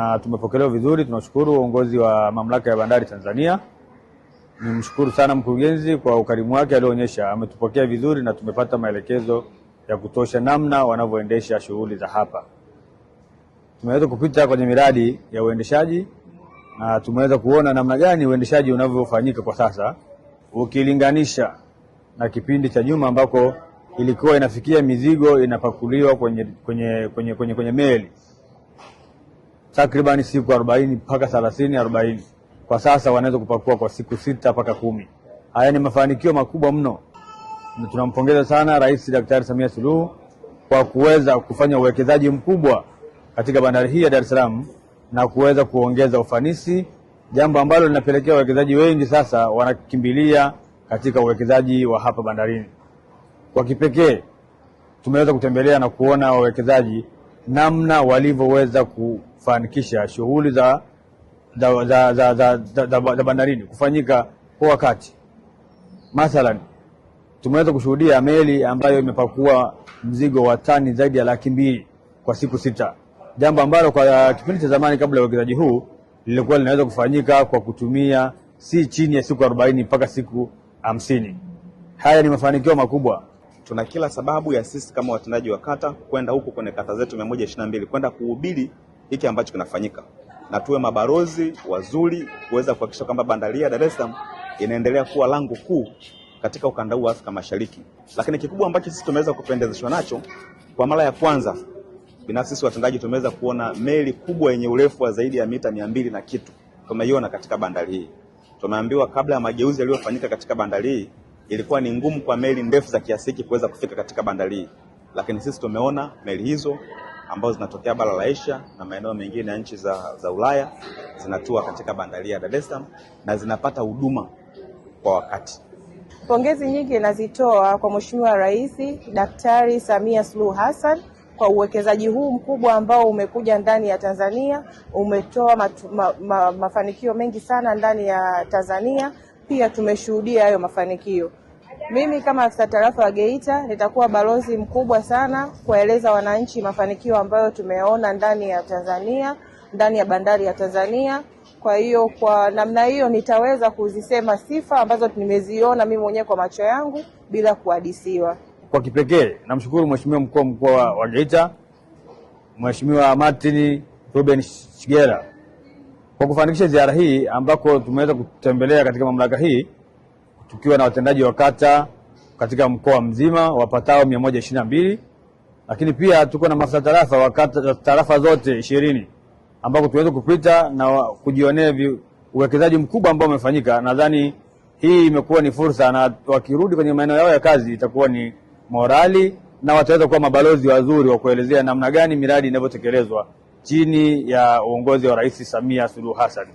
Na tumepokelewa vizuri, tunashukuru uongozi wa mamlaka ya bandari Tanzania. Nimshukuru sana mkurugenzi kwa ukarimu wake alioonyesha, ametupokea vizuri na tumepata maelekezo ya kutosha namna wanavyoendesha shughuli za hapa. Tumeweza kupita kwenye miradi ya uendeshaji na tumeweza kuona namna gani uendeshaji unavyofanyika kwa sasa ukilinganisha na kipindi cha nyuma ambako ilikuwa inafikia mizigo inapakuliwa kwenye, kwenye, kwenye, kwenye, kwenye meli takribani siku arobaini mpaka thelathini arobaini kwa sasa wanaweza kupakua kwa siku sita mpaka kumi. Haya ni mafanikio makubwa mno, na tunampongeza sana Rais Daktari Samia Suluhu kwa kuweza kufanya uwekezaji mkubwa katika bandari hii ya Dar es Salaam na kuweza kuongeza ufanisi, jambo ambalo linapelekea wawekezaji wengi sasa wanakimbilia katika uwekezaji wa hapa bandarini. Kwa kipekee tumeweza kutembelea na kuona wawekezaji namna walivyoweza kufanikisha shughuli za, za, za, za, za, za, za bandarini kufanyika kwa wakati. Mathalan, tumeweza kushuhudia meli ambayo imepakua mzigo wa tani zaidi ya laki mbili kwa siku sita, jambo ambalo kwa kipindi cha zamani kabla ya uwekezaji huu lilikuwa linaweza kufanyika kwa kutumia si chini ya siku arobaini mpaka siku hamsini. Haya ni mafanikio makubwa tuna kila sababu ya sisi kama watendaji wa kata kwenda huko kwenye kata zetu mia mbili kwenda kuhubiri hiki ambacho kinafanyika na tuwe mabarozi wazuri kuweza kuhakikisha kwamba bandari ya Dar es Salaam inaendelea kuwa lango kuu katika ukanda huu wa Afrika Mashariki. Lakini kikubwa ambacho sisi tumeweza kupendezeshwa nacho kwa mara ya kwanza, binafsi sisi watendaji tumeweza kuona meli kubwa yenye urefu wa zaidi ya mita mia mbili na kitu tumeiona katika bandari hii. Tumeambiwa kabla ya mageuzi yaliyofanyika katika bandari hii ilikuwa ni ngumu kwa meli ndefu za kiasi hiki kuweza kufika katika bandari, lakini sisi tumeona meli hizo ambazo zinatokea bara la Asia na maeneo mengine ya nchi za, za Ulaya zinatua katika bandari ya Dar es Salaam na zinapata huduma kwa wakati. Pongezi nyingi nazitoa kwa Mheshimiwa Rais Daktari Samia Suluhu Hassan kwa uwekezaji huu mkubwa ambao umekuja ndani ya Tanzania, umetoa matu, ma, ma, mafanikio mengi sana ndani ya Tanzania. Pia tumeshuhudia hayo mafanikio. Mimi kama afisa tarafa wa Geita nitakuwa balozi mkubwa sana kuwaeleza wananchi mafanikio ambayo tumeona ndani ya Tanzania, ndani ya bandari ya Tanzania. Kwa hiyo kwa namna hiyo nitaweza kuzisema sifa ambazo nimeziona mimi mwenyewe kwa macho yangu bila kuhadisiwa. Kwa kipekee namshukuru Mheshimiwa mkuu wa mkoa wa Geita Mheshimiwa Martin Ruben Shigera kwa kufanikisha ziara hii ambako tumeweza kutembelea katika mamlaka hii tukiwa na watendaji wa kata katika mkoa mzima wapatao mia moja ishirini na mbili lakini pia tuko na maafisa tarafa wa tarafa zote ishirini ambapo tunaweza kupita na kujionea uwekezaji mkubwa ambao umefanyika. Nadhani hii imekuwa ni fursa, na wakirudi kwenye maeneo yao ya kazi itakuwa ni morali na wataweza kuwa mabalozi wazuri wa kuelezea namna gani miradi inavyotekelezwa chini ya uongozi wa Rais Samia Suluhu Hassan.